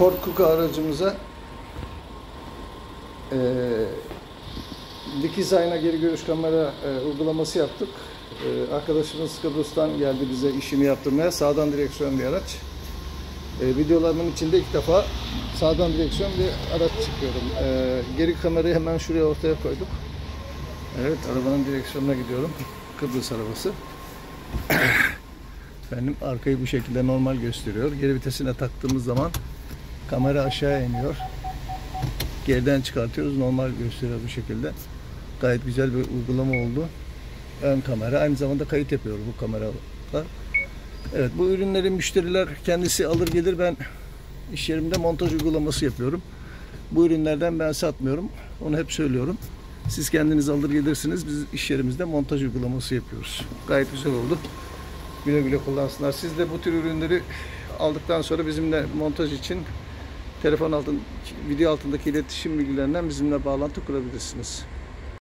Ford Kuka aracımıza e, dikiz ayna geri görüş kamera e, uygulaması yaptık. E, arkadaşımız Kıbrıs'tan geldi bize işini yaptırmaya. Sağdan direksiyon bir araç. E, videolarımın içinde ilk defa sağdan direksiyon bir araç çıkıyorum. E, geri kamerayı hemen şuraya ortaya koyduk. Evet arabanın direksiyonuna gidiyorum. Kıbrıs arabası. Efendim arkayı bu şekilde normal gösteriyor. Geri vitesine taktığımız zaman Kamera aşağı iniyor. Geriden çıkartıyoruz. Normal gösteriyor bu şekilde. Gayet güzel bir uygulama oldu. Ön kamera. Aynı zamanda kayıt yapıyor bu kameralar. Evet bu ürünleri müşteriler kendisi alır gelir. Ben iş yerimde montaj uygulaması yapıyorum. Bu ürünlerden ben satmıyorum. Onu hep söylüyorum. Siz kendiniz alır gelirsiniz. Biz iş yerimizde montaj uygulaması yapıyoruz. Gayet güzel oldu. Güle güle kullansınlar. Siz de bu tür ürünleri aldıktan sonra bizimle montaj için Telefon altın, video altındaki iletişim bilgilerinden bizimle bağlantı kurabilirsiniz.